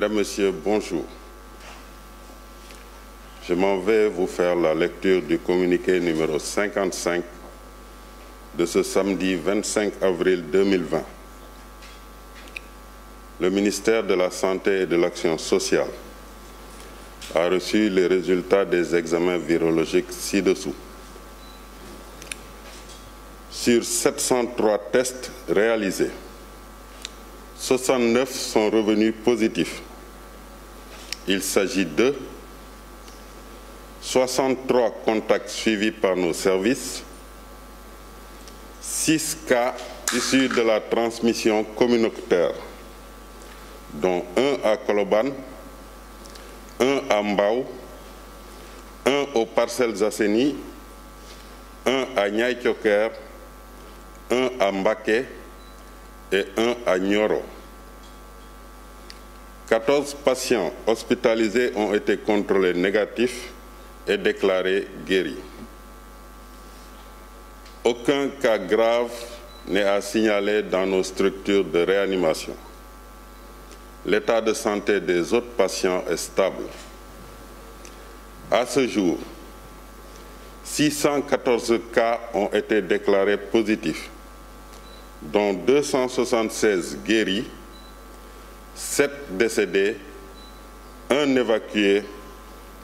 Mesdames, Messieurs, bonjour. Je m'en vais vous la lecture du communiqué numéro 55 de ce samedi 25 avril 2020. Le ministère de la Santé de l'Action sociale a les résultats des examens virologiques ci-dessous. Sur 703 tests réalisés, 69 sont revenus positifs Il s'agit de 63 contacts suivis par nos services, 6 cas issus de la transmission communautaire, dont un à Koloban, un à Mbao, un aux Parcelles Assainies, un à Niaïtioker, un à mbake et un à Nioro. 14 patients hospitalisés ont été contrôlés négatifs et déclarés guéris. Aucun cas grave n'est à signaler dans nos de réanimation. L'état de santé des autres patients est stable. À ce jour, 614 cas ont été déclarés positifs, dont 276 guéris 7 décédés, un évacué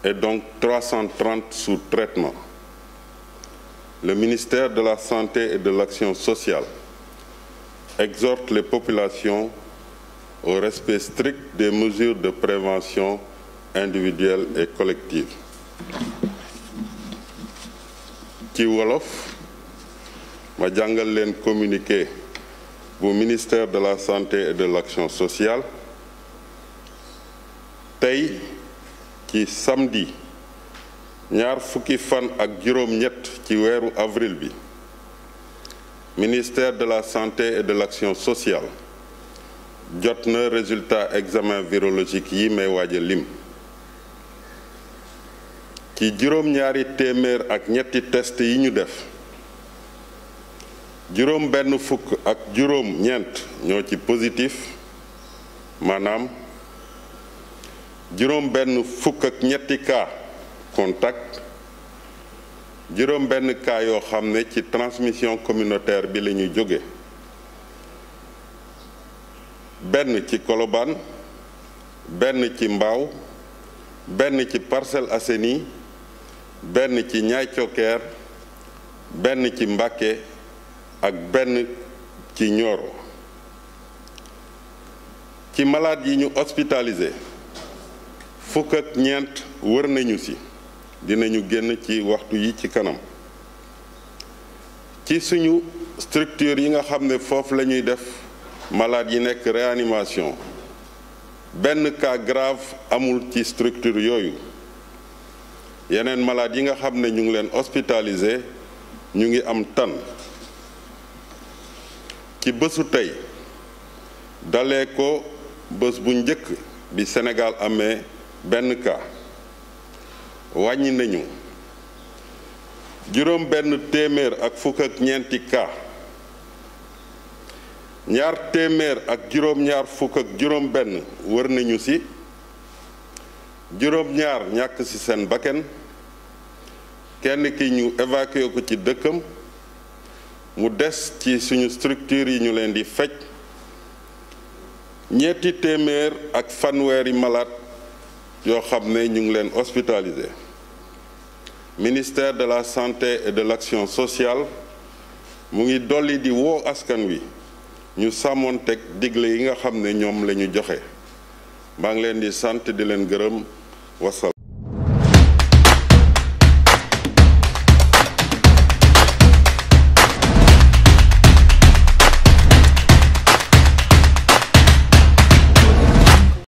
est donc 330 sous traitement. Le ministère de la Santé et de l'Action sociale exhorte les populations au respect strict des mesures de prévention individuelle et collective. ci wolof ma jàngal leen communiqué bu ministère de la Santé et de l'Action sociale tey ci samedi ñaar fukki fan ak juróom-ñett ci weeru avril bi ministère de la santé et de l'action sociale jot na résultat examen virologique yi may waaja lim ci juróom-ñaari téeméer ak ñetti test yi ñu def juróom benn fukk ñoo ci positif maanaam juróom benn fukk ak ñetti cas contact juróom benn cas yoo xam ne ci transmission communautaire bi lañuy jóge benn ci Colobane benn ci Mbao benn ci parcelle Assainies benn ci Niayes Thioker benn ci Mbacké ak benn ci Nioro ci malade yi ñu hospitalisé fukk ñeent wër nañu ci dinañu génn ci waxtu yi ci kanam ci suñu structure yi nga xam ne foofu la ñuy def malade yi nekk réanimation benn cas grave amul ci structure yooyu yeneen malade yi nga xam ne ñu ngi leen hospitalisé ñu ngi am tan ci bésu tey dalee ko bés bu njëkk bi Sénégal amee benn ka wàññi nañu juróom benn téeméer ak fukk ñaar téeméer ak juróom-ñaar fukk ak juróom benn wër nañu ci juróom-ñaar ñàkk ci seen bakken kenn ki ñu évacué ko ci dëkkam mu des ci suñu structure yi ñu leen di fej ñetti téeméer ak fanweeri malaat yoo xam ne ñu ngi leen hospitalisé ministère de la santé et de l'action sociale mu ngi dolli di woo askan wi ñu sàmmoon teg digle yi nga xam ne ñoom la ñu joxe maa ngi leen di sant di leen gërëm wasalaam